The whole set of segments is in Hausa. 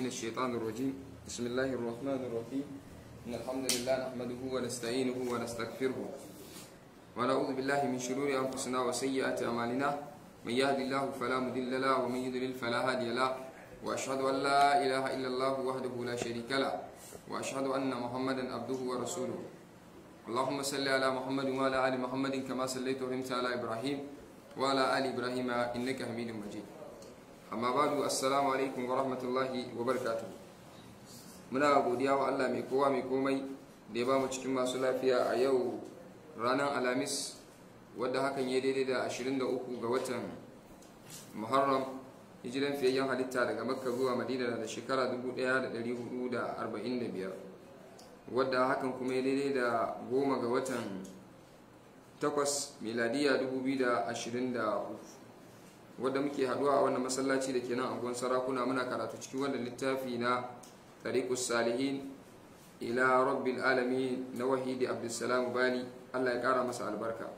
من الشيطان الرجيم بسم الله الرحمن الرحيم إن الحمد لله نحمده ونستعينه ونستغفره ونعوذ بالله من شرور أنفسنا وسيئات أعمالنا من يهد الله فلا مضل له ومن يضلل فلا هادي له وأشهد أن لا إله إلا الله وحده لا شريك له وأشهد أن محمدا عبده ورسوله اللهم صل على محمد وعلى آل محمد كما صليت وسلمت على إبراهيم وعلى آل إبراهيم إنك حميد مجيد amma ba du assalamu alaikum wa rahmatullahi wa barakatuh muna godiya wa Allah mai kowa mai komai da ya bamu cikin masu lafiya a yau ranar alhamis wadda hakan ya daidai da 23 ga watan muharram hijiran fiyayyen halitta daga makka zuwa madina da shekara 1445 wadda hakan kuma ya daidai da goma ga watan 8 miladiya 2023 wadda muke haduwa a wannan masallaci da ke nan angon sarakuna muna karatu cikin wannan littafi na tariqus salihin ila rabbil Alami na wahidi abdulsalam Bani Allah ya kara masa albarka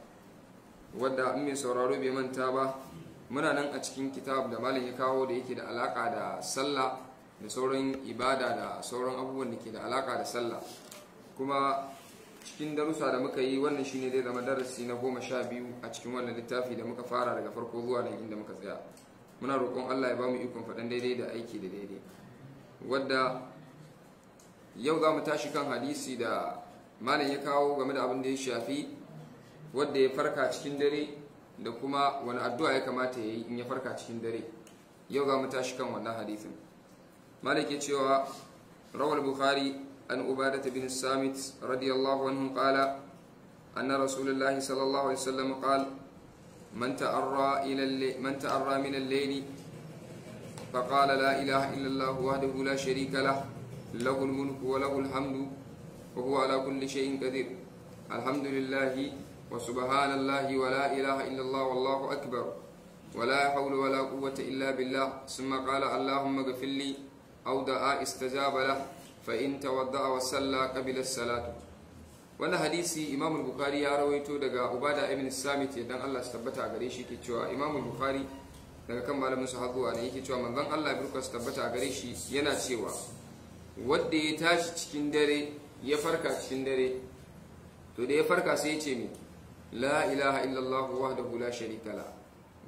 wadda in mai sauraro bai manta ba muna nan a cikin kitab da malam ya kawo da yake da alaka da sallah da sauran ibada da sauran abubuwan da ke da alaka da sallah kuma cikin darusa da muka yi wannan shine zai zama darasi na goma sha biyu a cikin wannan littafi da muka fara daga farko zuwa nan inda muka tsaya muna roƙon allah ya ba mu ikon faɗan daidai da aiki da daidai wadda yau za mu tashi kan hadisi da malam ya kawo game da abin da ya shafi wadda ya farka cikin dare da kuma wani addu'a ya kamata ya yi in ya farka cikin dare yau za mu tashi kan wannan hadisin malam ya cewa rawar bukhari عن عبادة بن الصامت رضي الله عنه قال أن رسول الله صلى الله عليه وسلم قال من تأرى, إلى من تأرى من الليل فقال لا إله إلا الله وحده لا شريك له له الملك وله الحمد وهو على كل شيء قدير الحمد لله وسبحان الله ولا إله إلا الله والله أكبر ولا حول ولا قوة إلا بالله ثم قال اللهم اغفر لي أو دعا استجاب له fa'in tawadda'a wa salla ƙabilar salatu wani hadisi imamul bukari ya rawaito daga ubada ibn samit ya dan allah su tabbata a gare shi ke cewa imamul bukari daga kan malamin su haguwa ne yake cewa manzan allah birka su tabbata a gare shi yana cewa wadda ya tashi cikin dare ya farka cikin dare to da ya farka sai ya ce mi la ilaha illallah wahdahu hula sharika la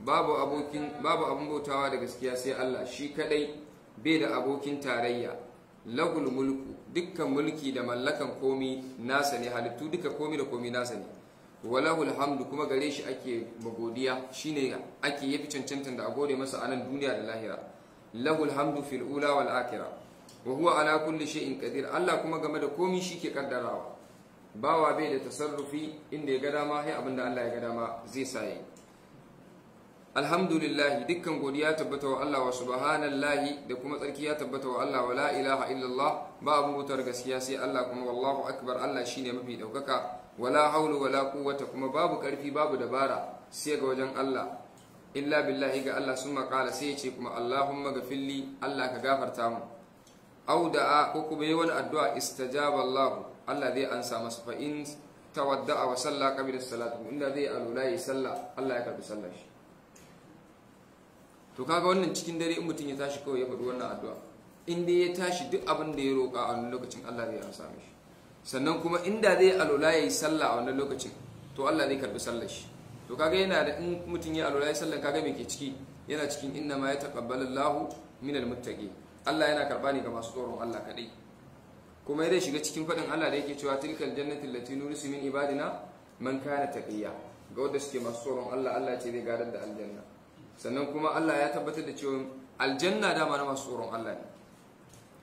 babu abokin abun bautawa da gaskiya sai allah shi kadai bai da abokin tarayya lagul mulku dukkan mulki da mallakan komi nasa ne halittu duka komi da komi nasa ne walahul hamdu kuma gare shi ake magodiya shine ake yafi cancanta da a gode masa anan duniya da lahira lahul hamdu fil ula wal akhirah wa huwa ala kulli shay'in qadir Allah kuma game da komi ke kaddarawa bawa bai da tasarrufi inda ya ga dama sai abinda Allah ya ga dama zai sa alhamdulillahi dukkan godiya tabbata wa Allah wa subhanallahi da kuma tsarki ya tabbata wa Allah wa la ilaha illallah ba abu mutar gaskiya sai Allah kuma wallahu akbar Allah shine mafi daukaka wala haulu wala quwwata kuma babu karfi babu dabara sai ga wajen Allah illa billahi ga Allah summa qala sai ce kuma Allahumma gafilli Allah ka gafarta mu aw da'a ko kuma yawan wani addu'a istajaba Allah Allah zai ansa masa fa in tawadda'a wa salla qabila salatu inda zai alulai salla Allah ya karbi sallar to kaga wannan cikin dare in mutum ya tashi kawai ya faɗi wannan addu'a in dai ya tashi duk abin da ya roƙa a wani lokacin Allah zai amsa mishi sannan kuma inda zai alola ya yi sallah a wannan lokacin to Allah zai karɓi sallar shi to kaga yana da in mutum ya alola ya sallah kaga me ke ciki yana cikin inna ma ya taqabbalu Allahu minal muttaqin Allah yana karɓa ne ga masu tsoron Allah kadai kuma ya shiga cikin faɗin Allah da yake cewa tilkal jannatin lati nurisu min ibadina man kana taqiya ga wanda suke masu tsoron Allah Allah ce zai gadar da aljanna sannan kuma Allah ya tabbatar da cewa aljanna dama na masu tsoron Allah ne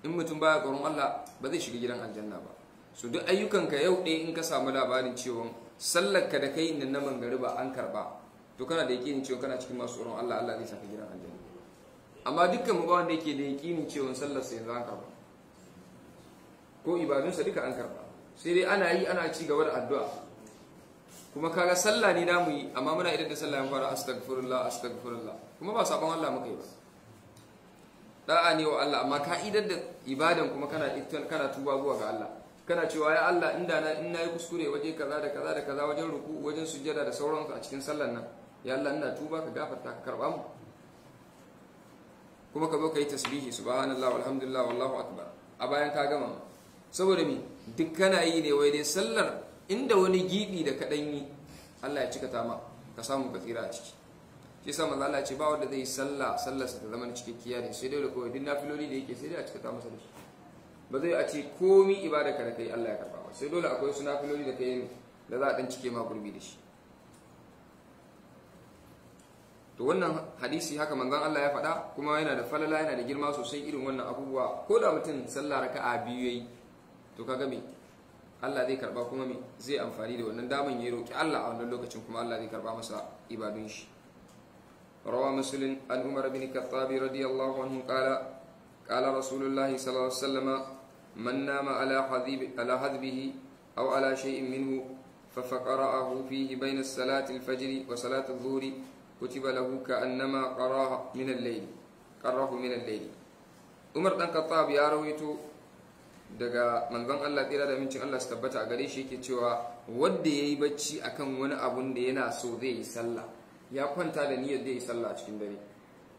in mutum baya tsoron Allah ba zai shiga gidan aljanna ba su duk ayyukanka yau ɗaya in ka samu labarin cewa sallarka da kai nan na ba an karba to kana da yakinin cewa kana cikin masu tsoron Allah Allah zai saka gidan aljanna amma dukkan mu ba wanda yake da yakinin cewa sallar sa yanzu an karba ko ibadunsa duka an karba sai dai ana yi ana ci gaba da addu'a kuma kaga sallah ne namu yi amma muna idan da sallah yan fara astaghfirullah astaghfirullah kuma ba sabon Allah muka yi ba da'a ne wa Allah amma ka idan da ibadan kuma kana kana tuba zuwa ga Allah kana cewa ya Allah inda na in nayi kuskure waje kaza da kaza da kaza wajen ruku wajen sujjada da sauransu a cikin sallar nan ya Allah ina tuba ka gafarta ka karba mu kuma ka zo ka yi tasbihi subhanallah walhamdulillah wallahu akbar a bayan ka gama saboda mi duk kana yi ne wai dai sallar inda wani gidi da kaɗan yi Allah ya cika ta ma ka samu ka tsira a ciki shi sa manzo Allah ce ba wanda zai sallah sallar sa ta zama cikakkiya ne sai dai da kawai duk filoli da yake sai dai a cika ta masa da shi ba zai a ce komi ibada ka da kai Allah ya ba sai dole akwai su filoli da kai da za a ɗan cike ma gurbi da shi to wannan hadisi haka manzon Allah ya faɗa kuma yana da falala yana da girma sosai irin wannan abubuwa ko da mutum sallah raka'a biyu yayi to kaga me Allah zai karba kuma me zai amfani da wannan daman ya roki Allah a wannan lokacin kuma Allah zai karba masa ibadun shi روى مسلم عن عمر بن الخطاب رضي الله عنه قال قال رسول الله صلى الله عليه وسلم من نام على حذيب على حذبه أو على شيء منه ففقرأه فيه بين الصلاة الفجر وصلاة الظهر كتب له كأنما قراه من الليل قراه من الليل عمر بن الخطاب يا رويتو daga manzon Allah tsira da mincin Allah su tabbata a gare shi yake cewa wanda yi bacci a kan wani abun da yana so zai yi sallah ya kwanta da niyyar zai yi sallah a cikin dare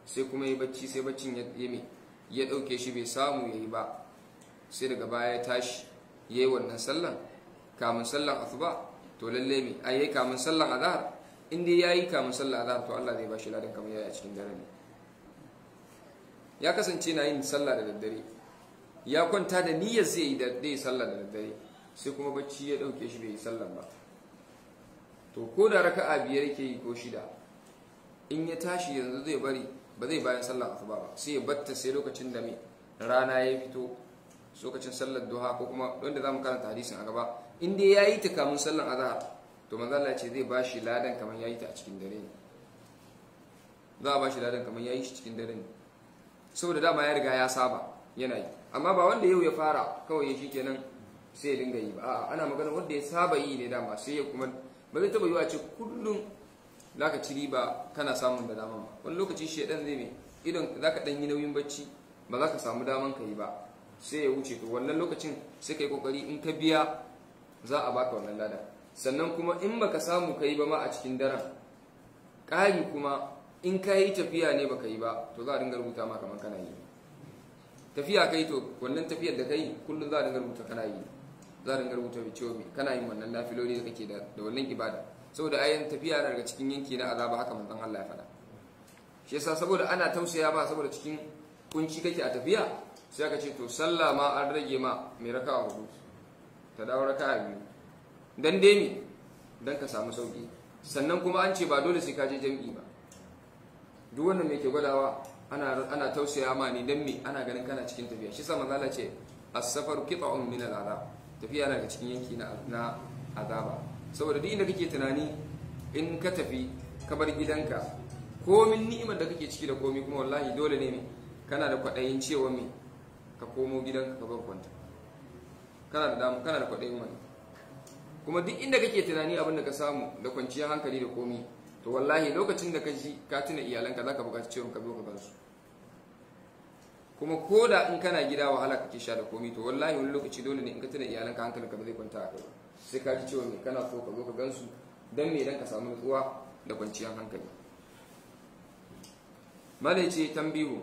sai kuma yi bacci sai baccin ya yi ya dauke shi bai samu ya yi ba sai daga baya ya tashi ya yi wannan sallan kamun sallan asuba to lalle me yi kamun sallan azhar in dai yi kamun sallan azhar to Allah zai ba shi ladan kamar yi a cikin dare ne ya kasance na yin sallah da daddare ya kwanta da niyyar zai yi da dai sallah da daddare sai kuma bacci ya dauke shi bai yi sallah ba to ko da raka'a biyar yake yi ko shida in ya tashi yanzu zai bari ba zai bayan sallah asuba ba sai ya batta sai lokacin da mai rana ya fito lokacin sallar duha ko kuma wanda zamu karanta hadisin a gaba in dai yayi ta kamun sallar azhar to manzo Allah ce zai bashi ladan ya yayi ta a cikin dare ne za a bashi ladan kaman yayi shi cikin dare ne saboda dama ya riga ya saba yanayi amma ba wanda yau ya fara kawai shi kenan sai ya dinga yi ba a'a ana magana wanda ya saba yi ne dama sai ya kuma ba zai taba yi a ce kullum zaka ci riba kana samun da dama ba wani lokaci shi shedan zai mai idan ka dan yi nauyin bacci ba za ka samu daman ka yi ba sai ya wuce to wannan lokacin sai ka yi kokari in ka biya za a baka wannan ladan sannan kuma in ba ka samu ka yi ba ma a cikin daren ƙari kuma in ka yi tafiya ne ba ka yi ba to za a dinga rubuta ma kamar kana yi tafiya kai to wannan tafiyar da kai kullum za a dinga rubuta kana yi za a dinga rubuta bicomi kana yin wannan nafiloli da kake da wannan ibada saboda ayin tafiya na daga cikin yanki na azaba haka manzon Allah ya faɗa shi yasa saboda ana tausaya ba saboda cikin kunci kake a tafiya sai aka ce to sallah ma an rage ma mai a hudu ta dawo raka a biyu dan dai ne dan ka samu sauki sannan kuma an ce ba dole sai ka je jami'i ba duk wannan me ke gwadawa ana tausaya ma ni dan me ana ganin kana cikin tafiya shi sa manzo ce as-safaru qita'un min al-azab tafiya ga cikin yanki na na azaba saboda duk inda kake tunani in ka tafi kamar gidanka komin ni'imar da kake ciki da komi kuma wallahi dole ne kana da kwaɗayin cewa me ka komo gidanka ka bar kwanta kana da damu kana da kwaɗayin wani kuma duk inda kake tunani abin da ka samu da kwanciyar hankali da komi to wallahi lokacin da ka ji ka tuna iyalanka za ka buƙaci cewa ka zo ka bar su. kuma ko da in kana gida wahala kake sha da komi to wallahi wani lokaci dole ne in ka tuna iyalanka hankalinka ba zai kwanta a kai sai ka ji cewa me kana so ka zo ka gansu dan me dan ka samu nutsuwa da kwanciyar hankali malai ce tambihu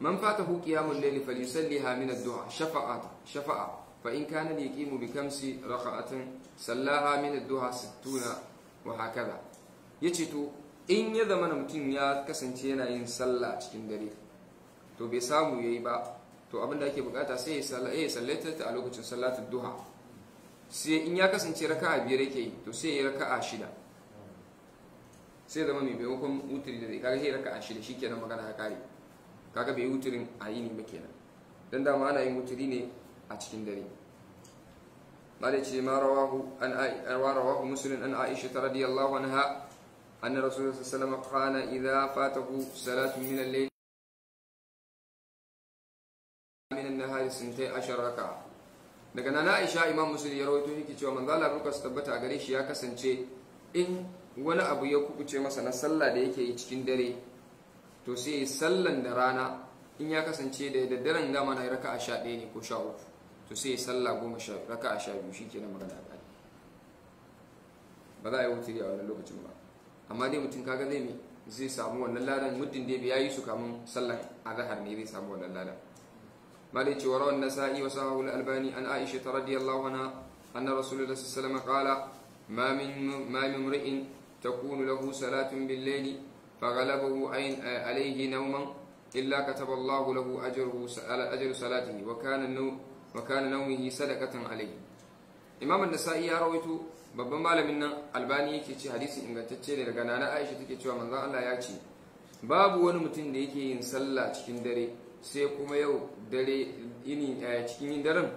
man fatahu qiyamul layli falyusalliha min ad-du'a shafa'a shafa'a fa in kana yaqimu bi kamsi raka'atin sallaha min ad-du'a 60 wa hakaza yace to in ya zama mutum ya kasance yana yin sallah cikin dare to bai samu ya yi ba to abinda ake bukata sai eh, ya sallata ta a lokacin sallatar duha sai in ya kasance raka'a biyar yake yi to sai ya a shida sai zama mai maimakon wutiri da zai kaga sai a shida shikenan magana ya kare kaga bai wutirin a yi ne ba kenan Don dama ana yin wutiri ne a cikin dare malai ce ma rawahu an rawahu muslim an aisha radiyallahu anha anna rasulullahi sallallahu alaihi wasallam qala idza fatahu salatu min al-layl nahari sintai ashar raka daga nana aisha imam musulun ya rawaito yake cewa manzala ruka su tabbata a gare shi ya kasance in wani abu ya kubuce masa na sallah da yake yi cikin dare to sai ya sallan da rana in ya kasance da daddaren dama na raka a sha ne ko sha uku to sai ya sallah goma raka a sha biyu shi ke na magana a ƙari ba za a yi wuturi a wannan lokacin ba amma dai mutum kaga zai mai zai samu wannan ladan muddin dai ya yi su kamun sallan azahar ne zai samu wannan ladan مالك وروى النسائي وساهو الألباني عن عائشة رضي الله عنها أن رسول الله صلى الله عليه وسلم قال ما من ما من امرئ تكون له صلاة بالليل فغلبه عين عليه نوما إلا كتب الله له أجره أجر صلاته وكان النوم وكان نومه صدقة عليه إمام النسائي يا رويتو babban malamin nan albani yake ce hadisi ingantacce ne daga nana aisha take cewa manzon Allah ya ce babu wani mutum da yake yin sallah cikin dare sai kuma yau dare ini a eh, cikin yin daren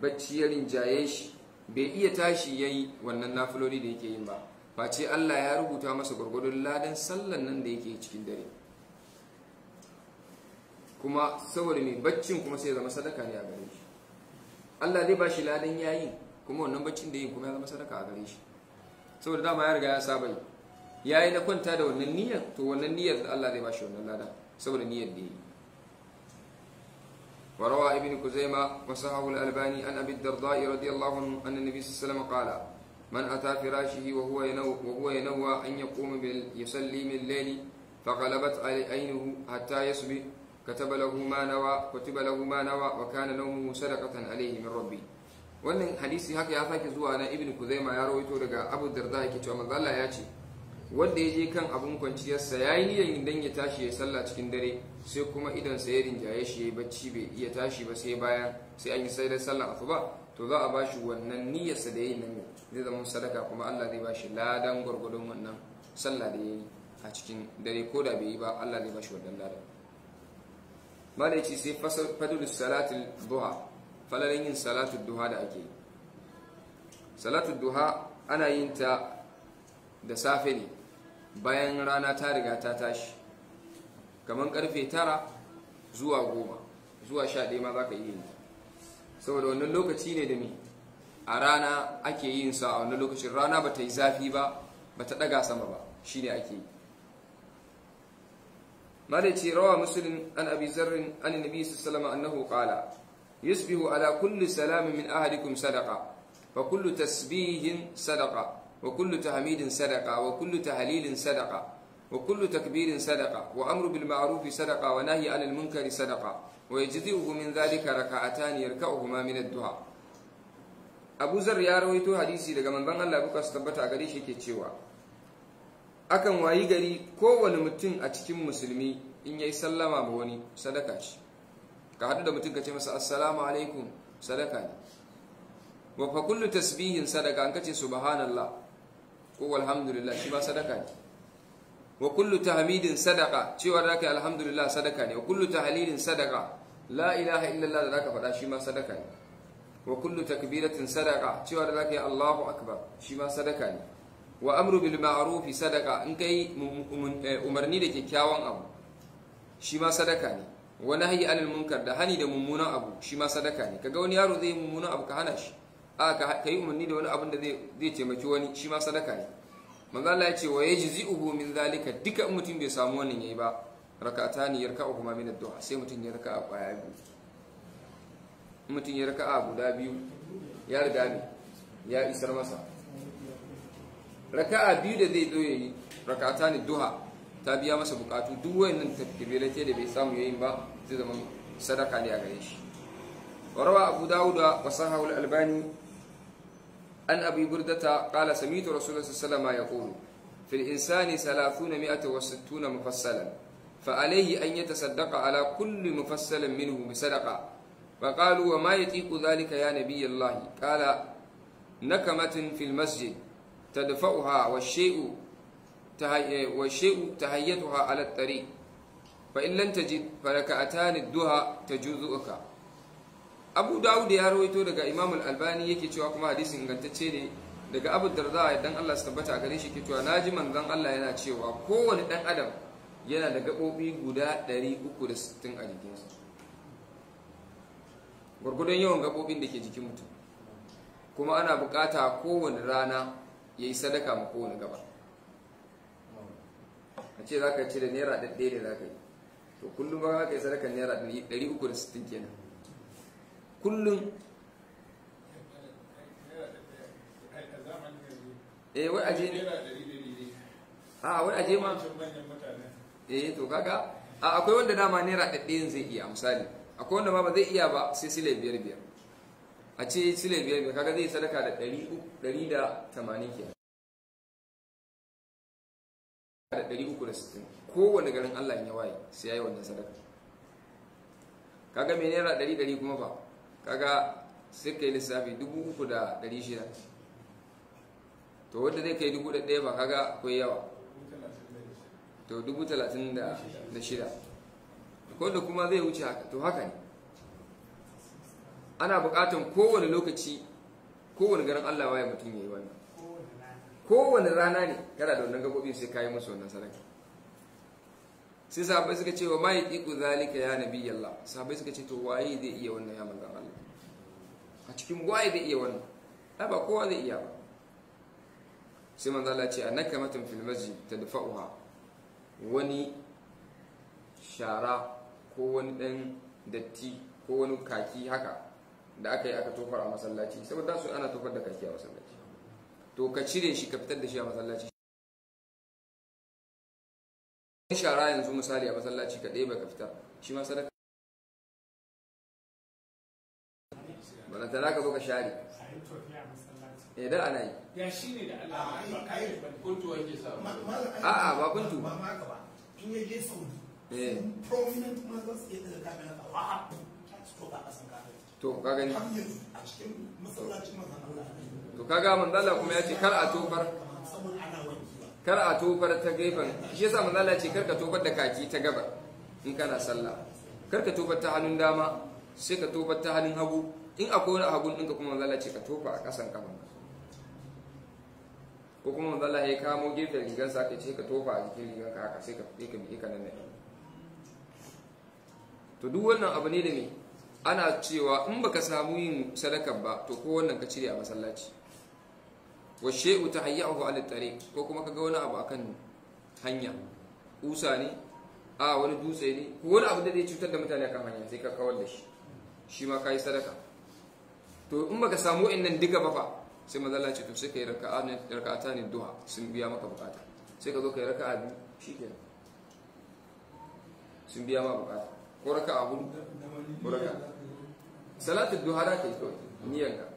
bacci ya rinjaye shi bai iya tashi ya yi wannan nafiloli da yake yin ba face Allah ya rubuta masa gwargwadon ladan sallan nan da yake cikin dare kuma saboda mai baccin kuma sai zama sadaka ne a gare shi Allah zai ba shi ladan yi kuma wannan baccin da yin kuma ya zama sadaka a gare shi saboda dama ya riga ya saba yi yi na kwanta da wannan niyyar to wannan niyyar da Allah zai ba shi wannan ladan saboda niyyar da yi وروى ابن كزيمة وصححه الألباني عن أبي الدرداء رضي الله عنه أن النبي صلى الله عليه وسلم قال من أتى فراشه وهو ينو وهو ينوى أن يقوم يصلي من الليل فغلبت عينه حتى يصبح كتب له ما نوى كتب له ما نوى وكان نومه صدقة عليه من ربي wannan hadisi haka ya sake zuwa na ibn kuzaima ya rawaito daga abu darda yake cewa manzo Allah ya ce wanda ya je kan abin kwanciyarsa ya yi niyan idan ya tashi ya salla cikin dare sai kuma idan sa ya rinjaye shi ya yi bacci bai iya tashi ba sai bayan sai an yi sai da sallar ba to za a ba shi wannan niyyarsa da ya yi nan zai zama sadaka kuma Allah zai ba shi ladan gwargwadon wannan sallah da ya yi a cikin dare ko da bai yi ba Allah zai ba shi wannan ladan malaici sai fadul salatul duha falalin yin salatul duha da ake yi salatul duha ana yin ta da safe ne bayan rana ta riga ta tashi kamar karfe 9 zuwa 10 zuwa 11 ma za ka yi saboda wannan lokaci ne da mi a rana ake yin sa a wannan lokacin rana ba ta yi zafi ba ba ta daga sama ba shi ne ake yi malaci rawa musulun an zarrin an nabi su salama an nahu kala yusufu ala kullu salamin min ahadikum sadaka fa kullu tasbihin sadaka wa kullu tahmidin sadaqa wa kullu tahlilin sadaqa وكل تكبير صدقة وأمر بالمعروف صدقة ونهي عن المنكر صدقة ويجزئه من ذلك ركعتان يركعهما من الدعاء أبو ذر يا رويتو حديثي daga manzon Allah buka su tabbata gare shi ke cewa akan wayi gari kowane mutum a cikin musulmi in yayi sallama ba wani sadaka ce ka hadu da mutum ka ce masa assalamu sadaka ne wa fa kullu tasbihin sadaka an kace subhanallah ko alhamdulillah shi ma sadaka ne wa kullu tahmidin sadaka cewa da kai alhamdulillah sadaka ne wa kullu tahlilin sadaka la ilaha illallah da zaka faɗa shi ma sadaka ne wa kullu takbiratin sadaka cewa da zaka yi Allahu akbar shi ma sadaka ne wa amru bil ma'ruf sadaka in kai eh, umarni da kyakkyawan abu shi ma sadaka ne wa nahyi anil munkar da hani da mummunan abu shi ma sadaka ne kaga wani yaro zai yi mummunan abu ka hana shi aka yi umarni da wani abin da zai taimaki wani shi ma sadaka ne manzala ya ce wa yajzi'uhu min zalika duka mutum bai samu wannan yayi ba rak'atani yarka'u kuma min ad sai mutum ya a kwaya biyu mutum ya a guda biyu ya riga ne ya isar masa raka'a biyu da zai doye yi rakata ni duha ta biya masa bukatu duk wayannan tafkirelate da bai samu yayin ba zai zama sadaka ne a gare shi وروى أبو داود وصححه الألباني an abi burdata qala samitu rasulullah sallallahu alaihi wasallam yaqulu fil insani 360 mufassalan fa alaihi an yatasaddaqa ala kulli mufassalin minhu bi sadaqa fa qalu wa ma yatiqu dhalika ya nabiy allah qala nakamatin fil masjid تدفعها والشيء تهي... والشيء تهيتها على الطريق فإن لم تجد فلك أتان الدهى تجوزؤك abu dawud ya rawaito daga imam al-albani yake cewa kuma hadisin ingantacce ne daga abu darda dan Allah su tabbata a gare shi ke cewa naji manzon Allah yana cewa kowane dan adam yana da gabobi guda 360 a jikinsa gurgudun yawan gabobin da ke jikin mutum kuma ana bukata kowane rana ya yi sadaka ma kowane gaba a ce za ka ci da naira ɗaɗɗe da za ka yi to kullum ba ka yi sadaka naira 360 kenan kullum eh wai aje ne a wai aje ma eh to kaga akwai wanda dama naira yin zai iya misali akwai wanda ma ba zai iya ba sai sile biyar biyar a ce sile biyar biyar kaga zai sadaka da ɗari da tamanin ke da ɗari uku da sittin kowane garin allah ya waye sai ya yi wannan sadaka kaga mai naira ɗari ɗari kuma ba kaga sai ka yi lissafi 3,600 to wanda zai kai 1,000 ba kaga akwai yawa to shida. wanda kuma zai wuce haka to haka ne ana bukatan kowane lokaci kowane garin Allah waye mutum ya yi wannan kowane rana ne kada da wannan gabobin sai kayi musu wannan sadaka sai sahabbai suka ce wa mai iku zalika ya nabi Allah sahabbai suka ce to waye zai iya wannan ya manzon a cikin waye zai iya wannan ai ba kowa zai iya ba sai man Allah ce annaka matan fil masjid tadfa'uha wani shara ko wani dan datti ko wani kaki haka da aka yi aka tofar a masallaci saboda su ana tofar da kaki a masallaci to ka cire shi ka fitar da shi a masallaci shara yanzu misali a masallaci ka ɗaya ba ka fita shi ma sadaka balanta ta ka zo ka share eh, idan ana yi ya shi ne da Allah kuntu wanke sa a'a ba kuntu ba ma ka ba tun ya je saudi eh. prominent ya to ba a cikin masallacin manzon Allah to kaga manzon Allah kuma ya ce kar a tofar kar a tofar ta gefen shi yasa manzon Allah kar ka tofar da kaki ta gaba in kana sallah kar ka tofar ta hannun dama sai ka tofar ta hannun hagu in akwai wani hagun ɗinka kuma manzala ce ka tofa a ƙasan kafan ko kuma manzala ya kamo gefen rigar sa ka ce ka tofa a jikin rigar ka haka sai ka fi ka miƙe ka nan to duk wannan abu ne da ne ana cewa in baka samu yin sadaka ba to ko wannan ka cire a masallaci wa shay'u tahayyahu ala tariq ko kuma ka ga wani abu akan hanya usa ne a wani dutse ne ko wani abu da zai cutar da mutane akan hanya sai ka kawar da shi shi ma kai sadaka to in baka samu wa'annan duka ba fa sai maza Allah ce to sai kai raka'ata ne duha sun biya maka bukata sai ka zo kai raka'a biyu shikenan sun biya ma bukata ko raka'a hudu ko raka'a salatu duha da kai kawai niyanka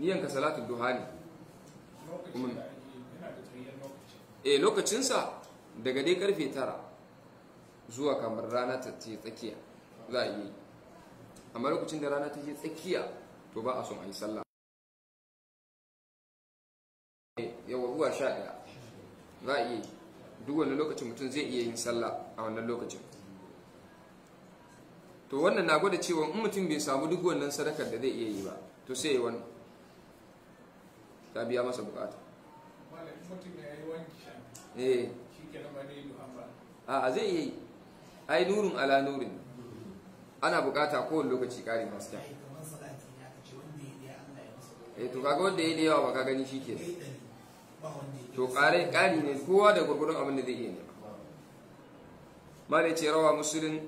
niyanka salatu duha ne eh lokacinsa daga dai karfe tara zuwa kamar rana ta tsakiya za a yi amma lokacin da rana ta je tsakiya to ba a son a yi sallah yawa zuwa sha ɗaya za a iya yi duk wani lokacin mutum zai iya yin sallah a wannan lokacin to wannan na gwada cewa in mutum bai samu duk wannan sadakar da zai iya yi ba to sai ya yi wannan ta biya masa bukata a eh. zai iya yi ai nurin ala nurin ana bukata kowane lokaci ƙarin hasken eh to kaga wanda ya da yawa ba ka gani shi ke to kare ƙari ne kowa da gurgurun abin da zai iya nema mala ce rawa musulun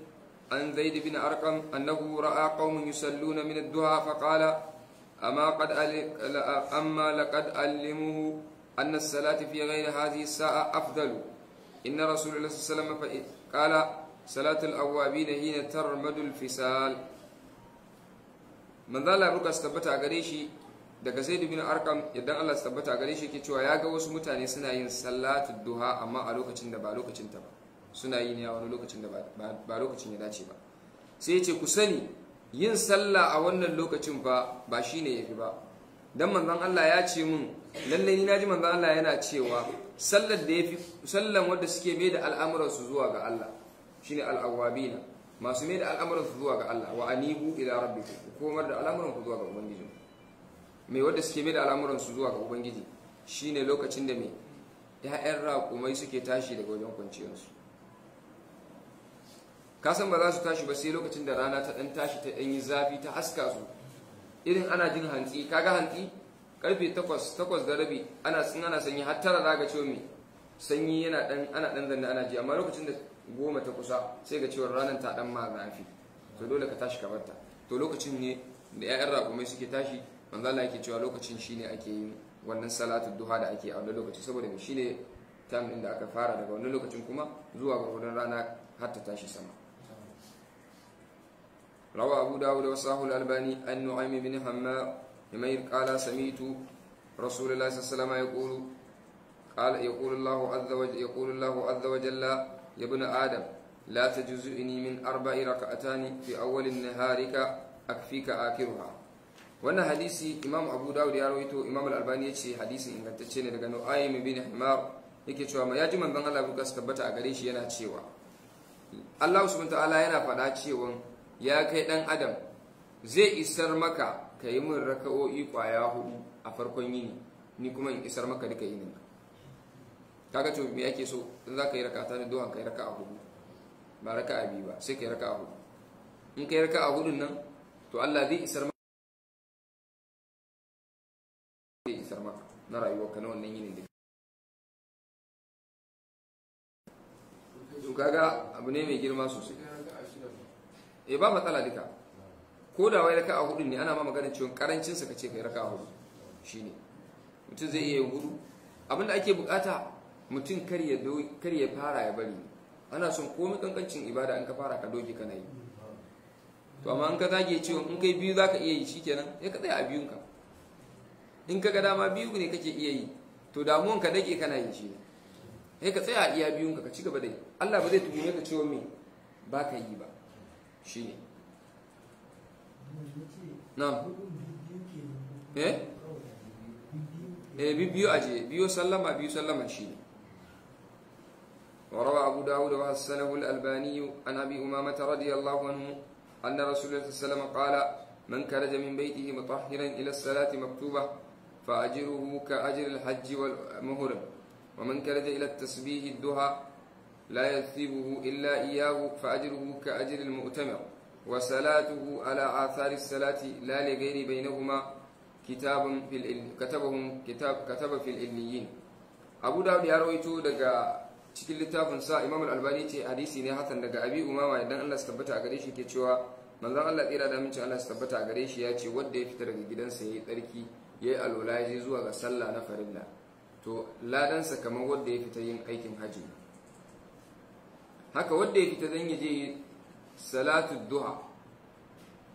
an zaid bin arqam annahu ra'a qauman yusalluna min ad-duha fa qala amma qad amma laqad allimuhu anna as-salata fi ghayri hadhihi as-sa'a afdalu inna rasulullahi sallallahu alaihi wasallam qala salatul awwabin hina tarmadul fisal manzo Allah ruka tabbata gare shi daga Zaid bin arkam? idan Allah tabbata gare shi ke cewa ya ga wasu mutane suna yin salatul duha amma a lokacin da ba lokacin ta ba suna yi ne wani lokacin da ba lokacin ya dace ba sai ya ce ku sani yin sallah a wannan lokacin ba, ba shi shine yafi ba dan manzon Allah ya ce min lalle ni naji manzon Allah yana cewa sallar da yafi sallan wanda suke mai da al'amuran su zuwa ga Allah shine al-awwabina masu mai da al'amuran su zuwa ga Allah wa anibu ila rabbikum ku komar da al'amuran ku zuwa ga ubangiji mai wanda suke mai da al'amuran su zuwa ga ubangiji shine lokacin da mai ya'yan raƙumai suke tashi daga wajen kwanciyarsu kasan ba za su tashi ba sai lokacin da rana ta ɗan tashi ta dan yi zafi ta haska su irin ana jin hantsi kaga hantsi karfe 8 da rabi ana sun ana sanyi har tara za ga cewa mai sanyi yana ɗan ana dan zanna ana ji amma lokacin da goma ta kusa sai ga cewar ranar ta dan ma zafi to dole ka tashi ka bata to lokacin ne da 'ya'yan rakumai suke tashi manzo Allah yake cewa lokacin shine ake yin wannan salatu duha da ake a wannan lokaci saboda mai shine tam din da aka fara daga wannan lokacin kuma zuwa gurgurdan rana har ta tashi sama rawa abu dawud wa sahul albani an nu'aym bin hamma yamayr qala samitu rasulullahi sallallahu alaihi wasallam yaqulu qala yaqulu Allah azza wa yaqulu Allah azza wa jalla يا ابن آدم لا تجزئني من أربع ركعتان في أول نهارك أكفيك آخرها wannan hadisi imam abu dawud ya rawaito imam al-albani ya ce hadisin ingantacce ne daga nau'a nu'aym bin himar yake cewa ma yaji manzon Allah buka tabbata a gare shi yana cewa Allah subhanahu ta'ala yana faɗa cewa ya kai dan adam zai isar maka kayi min raka'o'i kwaya hudu a farkon yini ni kuma in isar maka duka yinin kaga to me yake so in za ka yi raka ta ne dohan ka yi raka a hudu ba raka a biyu ba sai ka yi raka a hudu in kai raka a hudun nan to Allah zai isar maka zai isar maka na ka na wannan yinin da to kaga abu ne mai girma sosai eh ba matsala duka ko da wai a hudun ne ana ma magana cewa karancin sa kace kai raka a hudu shine mutum zai iya yin hudu abinda ake bukata mutum kar ya fara ya bari ana son komai kankancin ibada an ka fara ka doki kana yi to amma an ka zage cewa in kai biyu za ka iya yi shikenan ya ka tsaya a biyun ka in ka ga dama biyu ne kake iya yi to damuwan ka dake kana yin shi ne ka tsaya a iya biyun ka ka ci gaba da yi Allah ba zai tuhume ka cewa me ba ka yi ba shi ne. eh eh biyu aje biyu sallama biyu sallama ne وروى أبو داود وحسنه الألباني عن أبي أمامة رضي الله عنه أن رسول الله صلى الله عليه وسلم قال من خرج من بيته مطهرا إلى الصلاة مكتوبة فأجره كأجر الحج والمهرم ومن كرد إلى التسبيح الدهى لا يثيبه إلا إياه فأجره كأجر المؤتمر وصلاته على آثار الصلاة لا لغير بينهما كتاب في العل... كتبهم كتاب كتب في العليين أبو داود يرويته دقا cikin littafin sa imam al-albani ce hadisi ne hasan daga abi umama idan Allah su tabbata a gare shi ke cewa manzon Allah tsira da mincin Allah su tabbata a gare shi ya ce wanda ya fita daga gidansa yayi tsarki yayi alola ya zuwa ga sallah na farilla to ladansa kamar wanda ya fita yin aikin haji haka wanda ya fita dan yaje salatu duha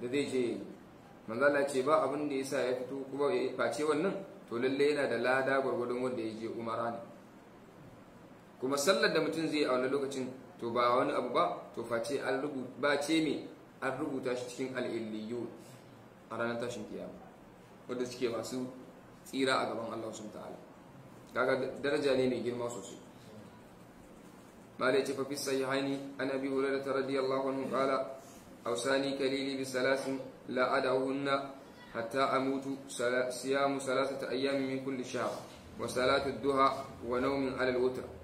da zai je manzon Allah ce ba abin da sa ya fito kuma ya face wannan to lalle yana da lada gwargwadon wanda ya je umara ne kuma sallar da mutum zai a wani lokacin to ba wani abu ba to face an rubuta ba ce me an rubuta shi cikin al'illiyu a ranar tashin kiyama wadda suke masu tsira a gaban Allah subhanahu ta'ala kaga daraja ne mai girma sosai malai ce fa fi sahihaini an abi hurairah radiyallahu anhu qala awsani kalili bi salasin la adahunna hatta amutu siyamu salasata ayyamin min kulli shahr wa salatu ad-duha wa nawmin 'ala al-witr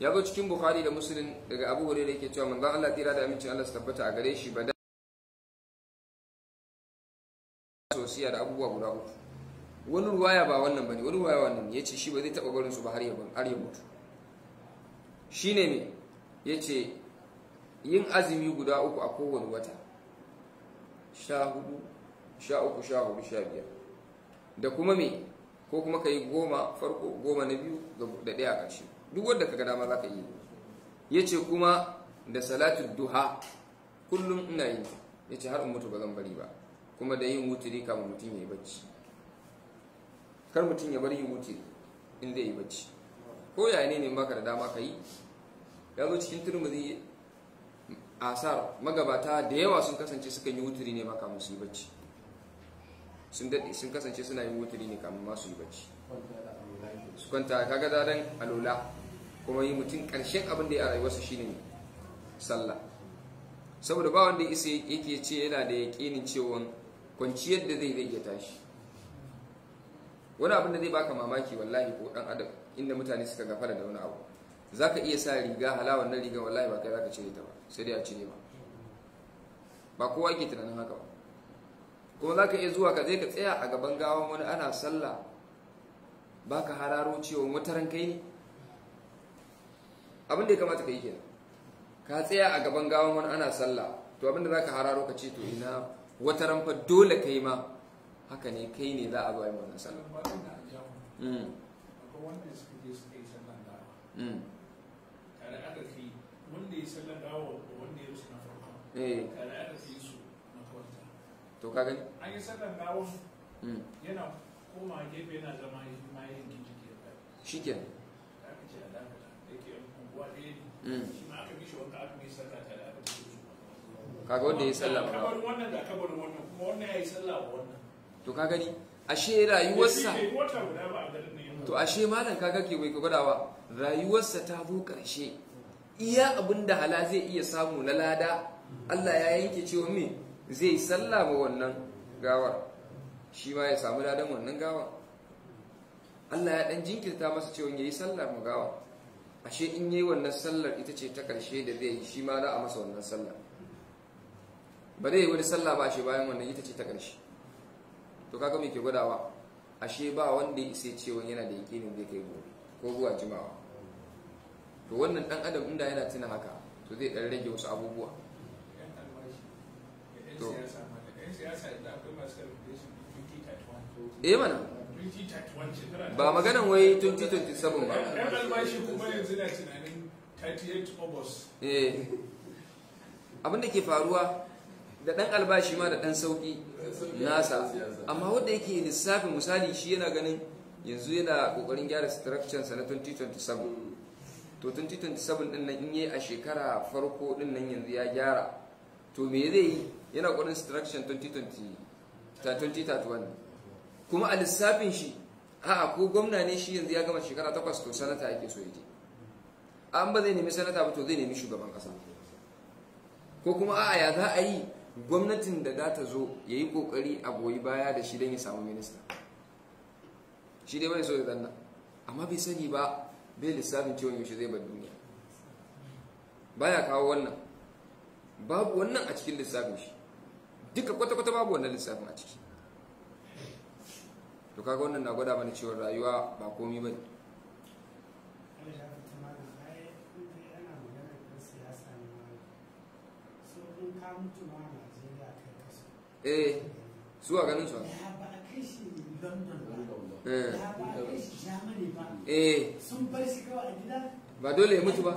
ya zo cikin bukhari da musulun daga abu da yake cewa manzan Allah tsira da amincin Allah su tabbata a gare shi ba da sosiya da abubuwa guda uku wani ruwaya ba wannan bane wani ruwaya wannan ce shi ba zai taba barinsu ba har ya mutu. Shi ne ne Ya ce yin azumi guda uku a kowane wata sha hudu sha uku sha hudu sha biyar da kuma me ko kuma ka yi goma farko goma na biyu da ɗaya a ƙarshe duk wanda ka gada ma za ka yi ya ce kuma da salatu duha kullum ina yi ya ce har mutu ba zan bari ba kuma da yin wuturi kama mutum ya yi bacci kar mutum ya bari yin wuturi in zai yi bacci ko ya ne ne baka da dama ka yi ya zo cikin turmuzi asar magabata da yawa sun kasance suka yi wuturi ne ba musu su yi bacci sun daɗe sun kasance suna yin wuturi ne kama masu yi bacci su kwanta kaga zaren alola kuma yi mutum ƙarshen abin da ya rayuwarsa shine sallah saboda ba wanda isa yake ce yana da yaƙinin cewa kwanciyar da zai zai tashi wani abin da zai baka mamaki wallahi ko dan adam inda mutane suka gafara da wani abu za ka iya sa riga halawar na riga wallahi ba kai za ka cire ta ba sai dai a cire ba ba kowa yake tunanin haka ba kuma za ka iya zuwa ka zai ka tsaya a gaban gawan wani ana sallah ba ka hararo cewa wata kai. ne abin da ya kamata ka yi kenan ka tsaya a gaban gawan wani ana sallah to abin da za ka hararo ka ce to ina wata ranfa dole ka ma haka ne kai ne za a bayan wannan sallah mm. mm. eh. to ka gani an yi sallan gawon mm. yana koma gefe yana zama yin gijiki shi ke Mm. ka ga wanda ya sallah ba yi sallah wa to ka gani ashe rayuwarsa to ashe malam kaga ke wai gwadawa rayuwarsa ta zo karshe iya abin da hala zai iya samu na lada Allah ya yanke cewa me zai sallah ma wannan gawar shi ma ya samu ladan wannan gawar Allah ya dan jinkirta masa cewa yayi sallah ma gawar ashe in yi wannan sallar ita ce ta karshe da zai yi shi ma za a masa wannan sallar ba zai yi wani sallah ba ashe bayan wannan ita ce ta karshe to kaga mai ke gudawa ashe ba wanda ya sai cewa yana da yakinin zai kai gobe ko zuwa jimawa to wannan dan adam inda yana tuna haka to zai ɗan rage wasu abubuwa to eh mana ba maganan wai 2027 ba eh. abinda ke faruwa da dan albashi ma da dan sauki nasa amma wadda yake lissafin misali shi yana ganin yanzu yana kokarin gyara structure sa na 2027 to 2027 din nan in yi a shekara farko din nan yanzu ya gyara to me zai yi yana kokarin structure 2020 2031 kuma a lissafin shi a'a ko gwamna ne shi yanzu ya gama shekara takwas to sanata ake so yake an ba zai nemi sanata ba to zai nemi shugaban kasa ko kuma a'a ya za a yi gwamnatin da za ta zo ya yi kokari a goyi baya da shi don ya samu minista shi dai bai so ya zanna amma bai sani ba bai lissafin ciwon yaushe zai bar duniya baya kawo wannan babu wannan a cikin lissafin shi duka kwata-kwata babu wannan lissafin a ciki to kaga wannan na gwada mana cewa rayuwa ba komi ba ne eh su a ganin su a eh. eh. ba dole ya mutu ba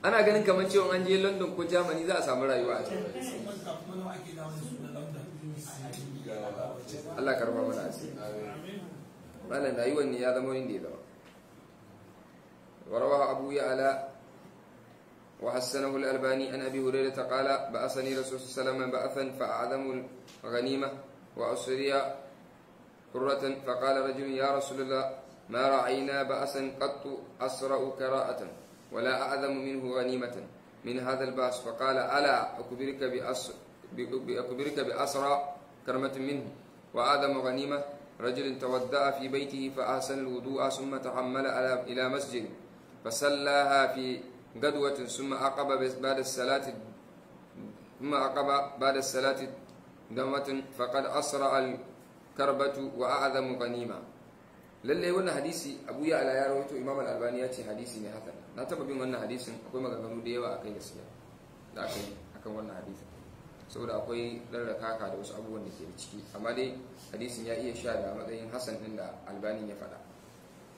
ana ganin kamar cewa an je london ko germany za a samu rayuwa a cikin الله كرمه من mana ما لنا أيوة إني هذا zama wani ذا ورواه أبو يعلى وحسنه الألباني أن أبي هريرة قال بأسني رسول صلى الله عليه وسلم بعثا فأعظم الغنيمة وأسري قرة فقال رجل يا رسول الله ما رأينا بأسا قط أسرأ كراءة ولا أعظم منه غنيمة من هذا البأس فقال ألا أكبرك بأسرى كرمة منه وآدم غنيمة رجل تودع في بيته فأحسن الوضوء ثم تحمل إلى مسجد فصلاها في قدوة ثم عقب بعد الصلاة ثم عقب بعد الصلاة دمة فقد أسرع الكربة وأعظم غنيمة للي يقول حديثي أبويا على يارويته إمام الألبانية حديثي نحثنا نعتبر بيوم أن حديثي أقول ما قلنا ديوا أكي يسيا لكن أكون حديثي saboda akwai rarraka ka da wasu abubuwan da ke da ciki amma dai hadisin ya iya sha da matsayin hasan din da albani ya faɗa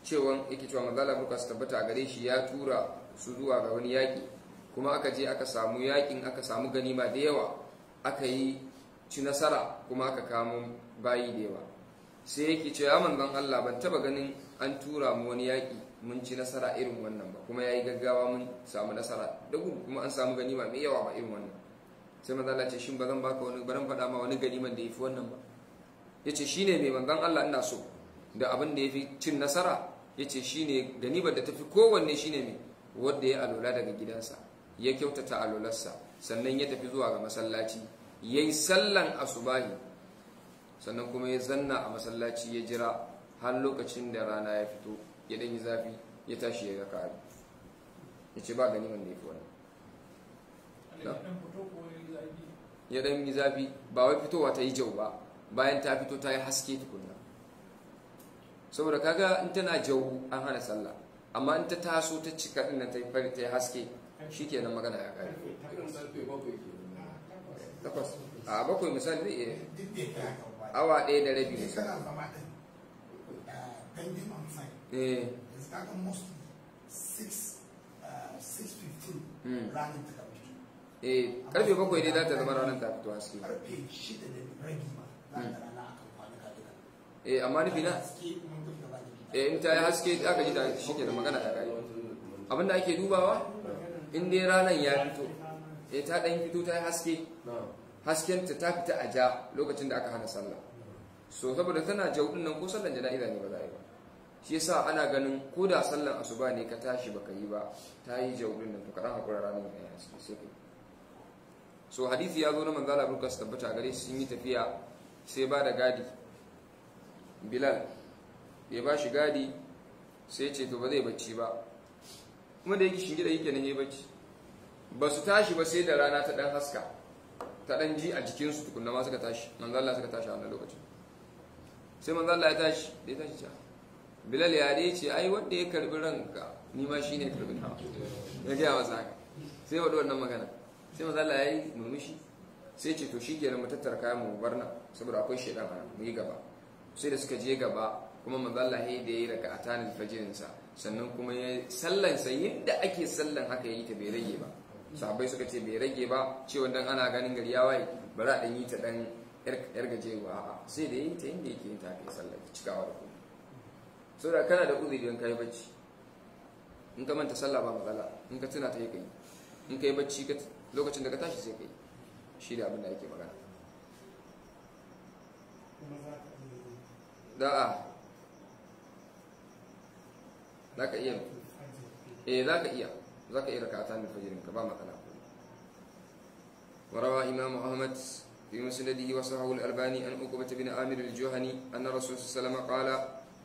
cewan yake cewa manzala burka su tabbata a gare shi ya tura su zuwa ga wani yaƙi kuma aka je aka samu yaƙin aka samu ganima da yawa aka yi ci nasara kuma aka kamo bayi da yawa sai yake cewa manzan Allah ban taba ganin an tura mu wani yaƙi mun ci nasara irin wannan ba kuma ya yi gaggawa mun samu nasara da kuma an samu ganima mai yawa ba irin wannan sai manzo Allah ce shin ba zan baka wani baran fada ma wani ganiman da yafi wannan ba yace shine mai manzon Allah ina so da abin da yafi cin nasara yace shine ganibar da tafi kowanne shine mai wanda ya alola daga gidansa ya kyautata alolarsa sannan ya tafi zuwa ga masallaci yayi sallan asubahi sannan kuma ya zanna a masallaci ya jira har lokacin da rana ya fito ya danyi zafi ya tashi ya ga kare ce ba wanda da fi wannan ya dan yi zafi ba wai fitowa ta yi jau ba bayan ta fito ta yi haske tukunna saboda kaga in tana jau an hana sallah amma in ta taso ta cika din ta yi fari ta yi haske shikenan magana ya kare ah, takwas a bakwai misali zai iya awa ɗaya da rabi misali ah, eh eh karfe bakwai ne za ta zama ranar ta fito haske karfe shida eh, amma nufi na eh in ta yi haske aka ji ta shi ke da magana ta kai abinda ake dubawa in dai ranar ya fito e ta dan fito ta yi haske Hasken ta ta fita a ja lokacin da aka hana sallah so saboda tana jaudin nan ko sallan jana'iza ne ba za a yi ba shi yasa ana ganin ko da sallan asuba ne ka tashi baka yi ba ta yi jaudin nan to karan hakura ranar ya haske sai so hadithi ya zo na manzala abin su tabbata gare su sun yi tafiya sai ba da gadi bilal ya ba shi gadi sai ce to ba zai bacci ba kuma da yake shingida yake nan ya bacci ba su tashi ba sai da rana ta dan haska ta dan ji a jikinsu tukunna ma suka tashi manzala suka tashi a wannan lokacin sai manzala ya tashi da ya tashi ta bilal ya dai ce ai wanda ya karbi ranka ni ma shine karbi na ya gaya masa haka sai wadda wannan magana sai manzo ya yayi murmushi sai ce to shikenan mu matattar kayan mu barna saboda akwai shedan a mu yi gaba sai da suka je gaba kuma manzo ya yi da yayi raka'atan alfajirin fajirinsa sannan kuma ya sallan sa yadda ake sallan haka ya yi ta bai rage ba sabai suka ce bai rage ba cewa wanda ana ganin gari ya waye bara ɗan yi ta ɗan yar gajewa a'a sai da ya yi ta yadda yake yin ta kai sallan cikawa da kuma saboda kana da uzuri don kai bacci in ka manta sallah ba matsala in ka tuna ta yi kai in kai bacci ka lokacin da ka tashi sai ka yi shi da abin da ake magana da'a za ka iya eh za ka iya za ka iya raka ta min fajirin ka ba matsala وروى إمام أحمد في مسنده وصححه الألباني أن أقبة بن عامر الجهني أن الرسول صلى الله عليه وسلم قال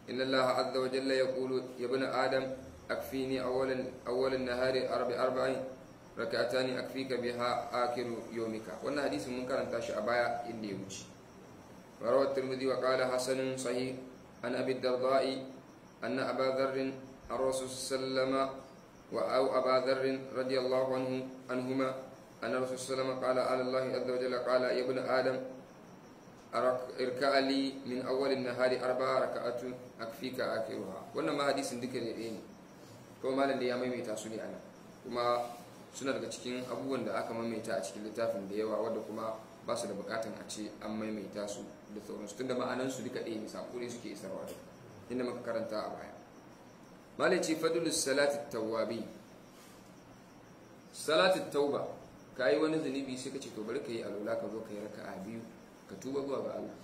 إن الله عز وجل يقول يا ابن آدم أكفيني أول أول النهار أربع أربعين rakatani akfika biha akiru yawmika wannan hadisi mun karanta shi a baya inda ya wuce rawat tirmidhi wa qala hasan sahih an abi darda'i anna aba dharr ar-rasul sallama wa aw aba dharr radiyallahu anhu anhuma anna rasul sallama qala ala allah azza wa jalla qala ya ibn adam arka ali min awwal an-nahari arba rak'atu akfika akiruha wannan ma hadisin duka ne ko malam da ya maimaita su ne anan kuma suna daga cikin abubuwan da aka maimaita a cikin littafin da yawa wadda kuma ba su da bukatan a ce an maimaita su da sauransu tunda ma'anan su duka ɗaya nisa sako ne suke isarwa da inda maka karanta a baya malaci fadulus salati tawwabi salati tauba ka yi wani zunubi sai ka ce to bari ka yi alola ka zo ka yi a biyu ka tuba zuwa ga Allah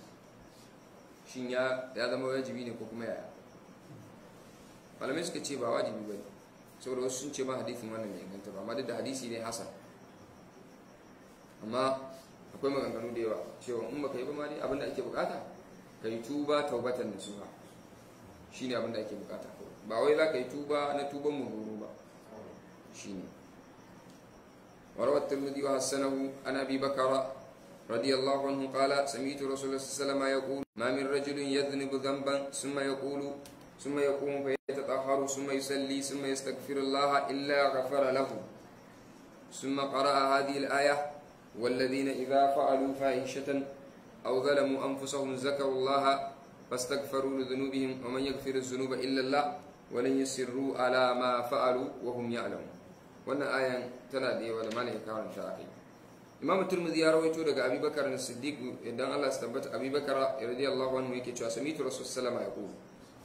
shin ya zama wajibi ne ko kuma yaya malamai suka ce ba wajibi saboda wasu sun ce ma hadithin wannan mai inganta ba amma duk da hadisi ne hasan amma akwai maganganu da yawa cewa in baka yi ba mali abinda ake bukata ka yi tuba taubatan da suha shi ne abinda ake bukata ba wai za ka yi tuba na tuban muhuru ba shi ne warawar turmudi wa hassanahu an abi bakara radiyallahu anhu kala samitu rasulullah sallama ya kulu ma min rajulun yadhnibu dhanban summa yaqulu ثم يقوم فيتطهر ثم يصلي ثم يستغفر الله إلا غفر له ثم قرأ هذه الآية والذين إذا فعلوا فاحشة أو ظلموا أنفسهم ذكروا الله فاستغفروا لذنوبهم ومن يغفر الذنوب إلا الله ولن يسروا على ما فعلوا وهم يعلمون wannan ayan tana da yawa da malaka karanta akai imamu turmudi ya rawaito daga abubakar na siddiq idan allah su tabbata abubakar radiyallahu anhu yake cewa samitu rasul sallama ya kuma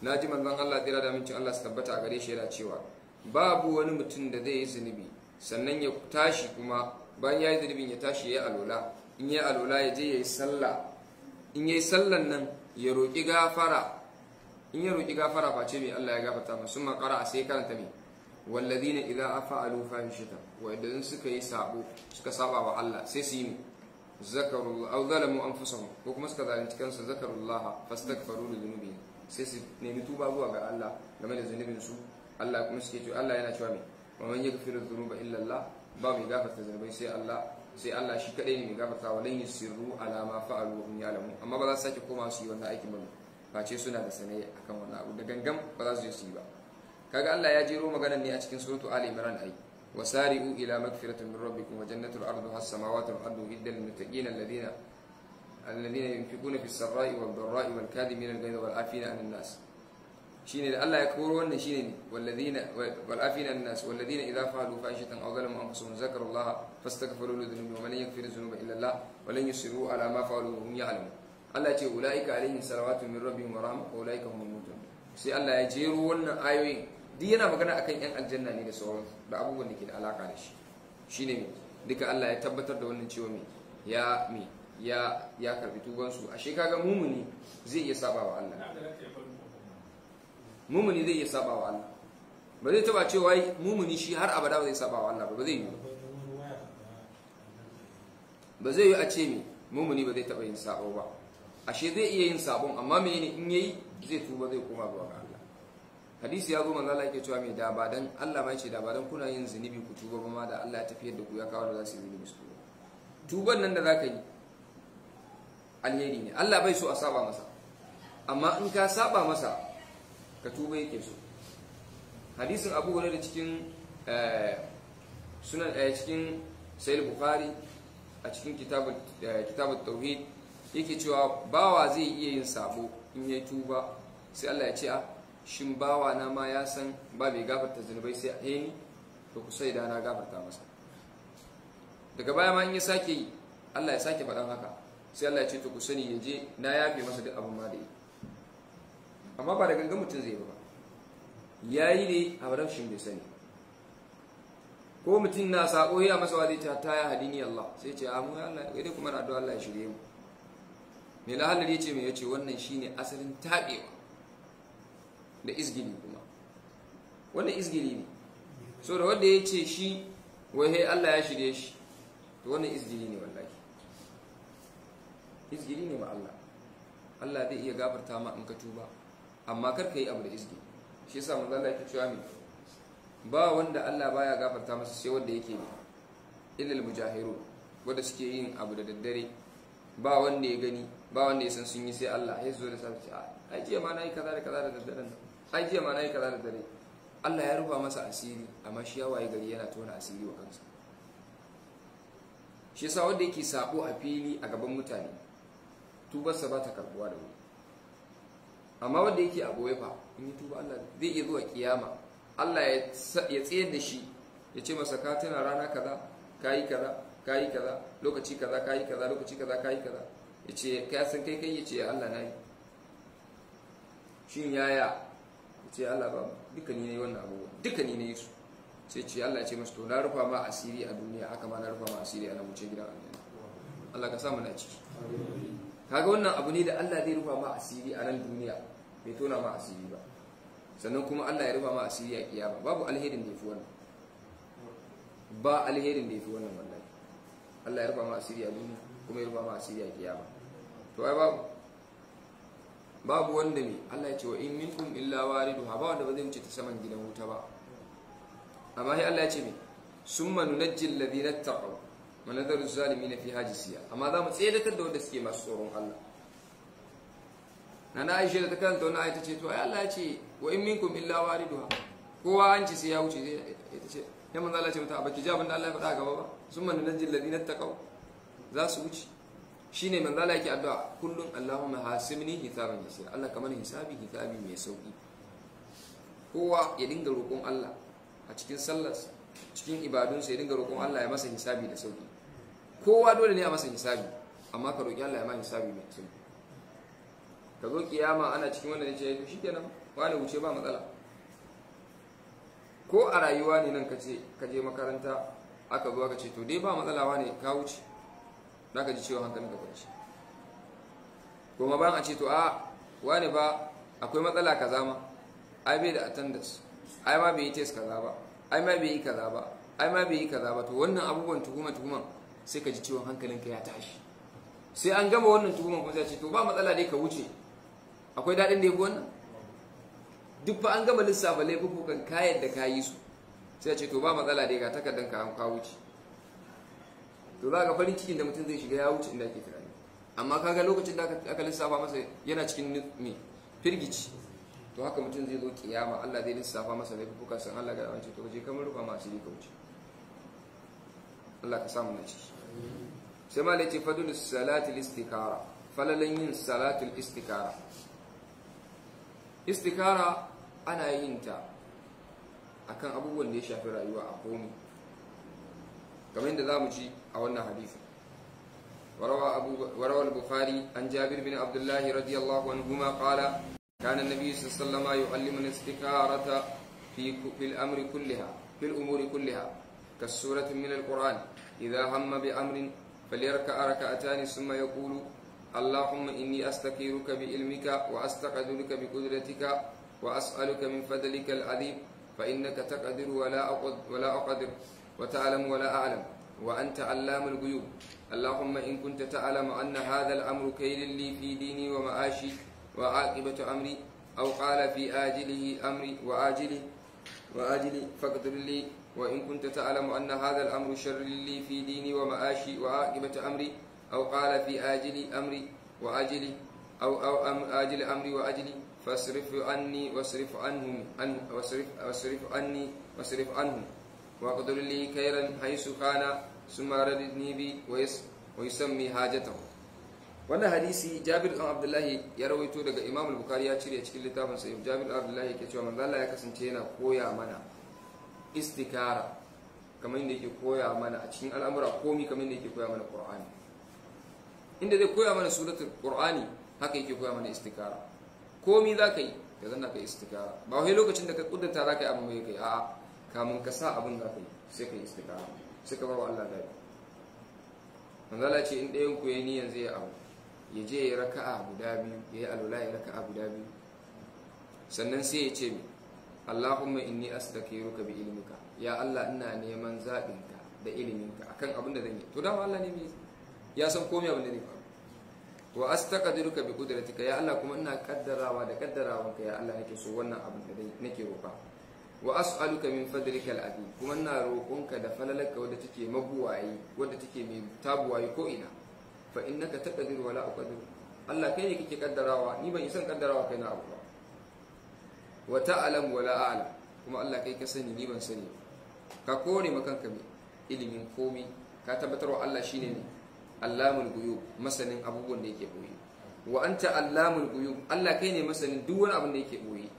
na ji manzon Allah tsira da mincin Allah su tabbata a gare shi yana cewa babu wani mutum da zai yi zunubi sannan ya tashi kuma bayan ya yi zunubin ya tashi ya yi alola in ya yi alola ya je ya yi sallah in ya yi sallan nan ya roƙi gafara in ya roƙi gafara face mai Allah ya gafarta masu makara a sai karanta mai idan wallazina idza afa'alu fahishatan wa idan suka yi sabo suka saba wa Allah sai su yi mu. zakarullah aw zalamu anfusahum ko kuma suka zalunci kansu zakarullaha fastaghfiru li dhunubihim sai su nemi tuba zuwa ga Allah game da zunubin su Allah kuma suke cewa Allah yana cewa me wa man yaghfiru dhunuba illa Allah ba mai gafarta zunubai sai Allah sai Allah shi kadai ne mai gafarta wa lan yusirru ala ma fa'alu hum ya'lamu amma ba za su sake koma su yi wannan aikin ba ce suna da sanai akan wannan abu da gangan ba za su je su yi ba kaga Allah ya jero maganar ne a cikin suratu Ali Imran ai wasari'u ila magfiratin min rabbikum wa jannatul arduha as-samawati wal ardu hiddal lil muttaqin alladhina alladhina yunfiquna fis sarra'i wal dharra'i wal kadhimina al ghayza wal afina 'anil nas shine da Allah ya koro wannan shine ne walladhina wal afina 'anil nas walladhina idha fa'alu fahishatan aw zalamu anfusahum zakaru Allah fastaghfiru li dhunubihim wa man yaghfiru dhunuba illa Allah ce ulaika alaihim salawatu min rabbihim wa rahmah wa sai Allah ya jero wannan ayoyin duk yana magana akan yan aljanna ne da sauran da abubuwan da ke da alaka da shi shine duka Allah ya tabbatar da wannan cewa me ya mi. ya ya karbi tubansu ashe kaga mumuni zai iya saba wa Allah mumuni zai iya saba wa Allah ba zai taba cewa mumuni shi har abada ba zai saba wa Allah ba zai yi ba zai yi a ce me mumuni ba zai taba yin sabo ba ashe zai iya yin sabon amma menene in yayi zai tuba zai koma zuwa ga Allah hadisi ya zo manzo Allah yake cewa me da ba dan Allah ma yace da ba dan kuna yin zunubi ku tuba ba ma da Allah ya tafiyar da ku ya kawo da za su yi zunubi su tuba tuban nan da zaka yi alheri ne Allah bai so a saba masa amma in ka saba masa ka tuba yake so hadisin abu da cikin eh, sunan eh, cikin sayil bukari a cikin kitabun eh, tauhid yake cewa bawa zai iya yin sabo in ya tuba sai Allah ya ce a ah, shin bawa na ma ya san ba bai gafarta zunubai sai a ni to ku sai da na gafarta masa daga baya ma in ya sake yi Allah ya sake faɗan haka sai Allah ya ce to ku sani yaje na yafe masa duk abin ma da yi amma ba da gangan mutum zai ba Ya yi ne a baran shi bai sani ko mutum na sako ya masa wa ta ta ya hadini Allah sai ce amu ya Allah idan kuma na addu'a Allah ya shirye mu me lahalar yace ya yace wannan shi ne asalin taɓewa da izgili kuma wannan izgili ne so da wanda yace shi wai Allah ya shirye shi to wannan izgili ne wannan izgiri ne ma Allah Allah zai iya gafarta ma in ka tuba amma kar ka yi abu da izgi shi yasa manzo Allah yake cewa mi ba wanda Allah baya gafarta masa sai wanda yake ne illal mujahiru wanda suke yin abu da daddare ba wanda ya gani ba wanda ya san sun yi sai Allah ya zo da safi ah, ai jiya ma nayi kaza da kaza da daddare ai jiya ma nayi kaza da daddare Allah ya rufa masa asiri amma shi ya waye gari yana tona asiri wa kansa shi yasa wanda yake sabo a fili a gaban mutane tubarsa ba ta karbuwa da wuri amma wanda yake a goye fa in yi tuba Allah zai iya zuwa kiyama Allah ya tsayar da shi ya ce masa ka tana rana kaza kayi kaza kayi kaza lokaci kaza kayi kaza lokaci kaza kayi kaza ya ce ka san kai kai ya ce Allah na yi shin yaya ya ce Allah ba duka ni yi wannan abubuwa duka ni yi su sai ce Allah ya ce masa to na rufa ma asiri a duniya haka ma na rufa ma asiri a na wuce gidan aljanna Allah ka sa mu na ciki kaga wannan abu ne da Allah zai rufa ma asiri a nan duniya bai tona ma asiri ba sannan kuma Allah ya rufa ma asiri a kiyama babu alherin da yafi wannan ba alherin da yafi wannan wallahi Allah ya rufa ma asiri a duniya kuma ya rufa ma asiri a kiyama to ai babu babu wanda ne Allah ya ce wa in minkum illa wariduha ba wanda ba zai wuce ta saman gidan wuta ba amma sai Allah ya ce me summa nunajjil ladina taqaw manadar zalimi na fi siya. amma za mu tseratar da wanda suke masu tsoron Allah Na aishe da ta karanta wani aita ce to ai Allah ya ce wa in minkum illa wariduha kowa an ci sai ya wuce ta ce ya manzo Allah ce mata baki ji abin da Allah ya faɗa gaba ba summa nanjil ladina taqaw za su wuce shine manzo Allah yake addu'a kullun Allahumma hasibni hisaban yasir Allah kamar hisabi hisabi mai sauki kowa ya dinga roƙon Allah a cikin sallarsa cikin ibadunsa ya dinga roƙon Allah ya masa hisabi da sauki kowa dole ne a masa hisabi amma ka roƙi Allah ya ma hisabi mai sauki ka zo kiyama ana cikin wanda ne shi kenan wani wuce ba matsala ko a rayuwa ne nan ka je makaranta aka zuwa ka ce to dai ba matsala wani ka wuce za ka ji cewa hankalin ka kwanci kuma ba a ce to a wani ba akwai matsala kaza ma ai bai da attendance ai ma bai yi test kaza ba ai ma bai yi kaza ba ai ma bai yi kaza ba to wannan abubuwan tuhuma tuhuman sai ka ji ciwon hankalinka ya tashi sai an gama wannan tuhuman kuma sai ce to ba matsala dai ka wuce akwai daɗin da ya wannan duk ba an gama lissafa laifukan kayan da ka yi su sai ce to ba matsala dai ga takardar ka an ka wuce to za ka farin cikin da mutum zai shiga ya wuce inda ke tunani amma kaga lokacin da aka lissafa masa yana cikin ne firgici to haka mutum zai zo kiyama Allah zai lissafa masa laifukan san Allah ga wancan to je kamar rufa masu yi ka wuce Allah ka samu na ciki sai ce fadun salatul istikara falalan yin salatul istikara istikara ana yin ta akan abubuwan da ya shafi rayuwa a komi kamar yadda za mu ci a wannan hadisi warawa al-bukhari an jabir bin abdullahi radiyallahu anhu ma qala kana an-nabiy sallallahu alaihi wasallam yu'allimu istikarata fi fil kulliha fil umuri kulliha kasurati min al-qur'an إذا هم بأمر فليركع ركعتان ثم يقول اللهم إني أستكيرك بعلمك وأستقدرك بقدرتك وأسألك من فضلك العظيم فإنك تقدر ولا أقدر, ولا أقدر وتعلم ولا أعلم وأنت علام الغيوب اللهم إن كنت تعلم أن هذا الأمر كيل لي في ديني ومعاشي وعاقبة أمري أو قال في آجله أمري وآجله وآجله فاقدر لي وإن كنت تعلم أن هذا الأمر شر لي في ديني ومعاشي وعاقبة أمري أو قال في آجل أمري وأجلي أو أو أم آجل أمري وأجلي فاصرف عني واصرف عنهم أن واصرف واصرف عني واصرف عنهم واقدر لي خيرا حيث كان ثم رددني بي ويس ويسمي حاجته wannan hadisi jabir ɗan abdullahi ya rawaito daga imam al-bukhari ya cire cikin littafin sa jabir abdullahi ke cewa manzo Allah ya kasance yana koya mana istikara kamar yadda yake koya mana a cikin al'amura komi kamar yadda yake koya mana ƙur'ani, inda zai koya mana suratul ƙur'ani haka yake koya mana istikara komi za ka yi ka zanna ka istikara ba wai lokacin da ka kuddata za ka yi abin mai kai a'a kamun ka sa abin za ka yi sai ka yi istikara sai ka bar wa Allah dai manzala ce in ɗayan ku ya niyan zai abu ya je ya raka'a guda biyu ya yi alwala ya raka'a guda biyu sannan sai ya ce mai Allahumma inni astakiruka bi ilmika ya Allah ina neman zaɓinka da iliminka akan abin da zan yi to dama Allah ne mai ya san komai abin da zai faru wa astaqdiruka bi qudratika ya Allah kuma ina kaddarawa da ka ya Allah nake so wannan abin da dai nake roƙa wa as'aluka min fadlika al'azim kuma ina roƙonka da falalaka wadda take mabuwayi wadda take mai tabuwayi ko ina fa innaka taqdiru wala uqdir Allah kai ne kake kaddarawa ni ban isan kaddarawa kai na abu wa ta'lam wa la kuma Allah kai ka sani ni ban sani ka kore makanka mai ilimin komi ka tabbatar wa Allah shine ne allamul guyub masanin abubuwan da yake boye wa anta allamul guyub Allah kai ne masanin duk wani abin da yake boye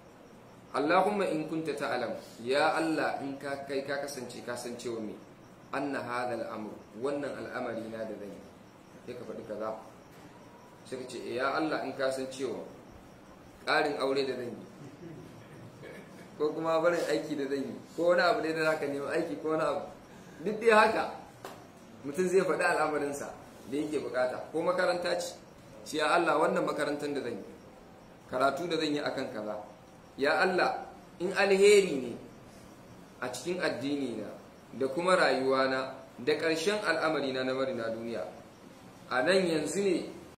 Allahumma in kunta ta'lam ya Allah in ka kai ka kasance ka san cewa me anna hadha al-amr wannan al'amari na da zai sai ka faɗi kaza sai ka ce eh, ya Allah in ka san cewa ƙarin aure da zan yi ko kuma barin aiki da zan yi ko wani abu ne da za ka nemi aiki ko wani abu duk dai haka mutum zai faɗi al'amarinsa da yake bukata ko makaranta ce ya Allah wannan makarantar da zan yi karatu da zan yi akan kaza ya Allah in alheri ne a cikin addini na da kuma rayuwa na da ƙarshen al'amari na na duniya a nan yanzu ne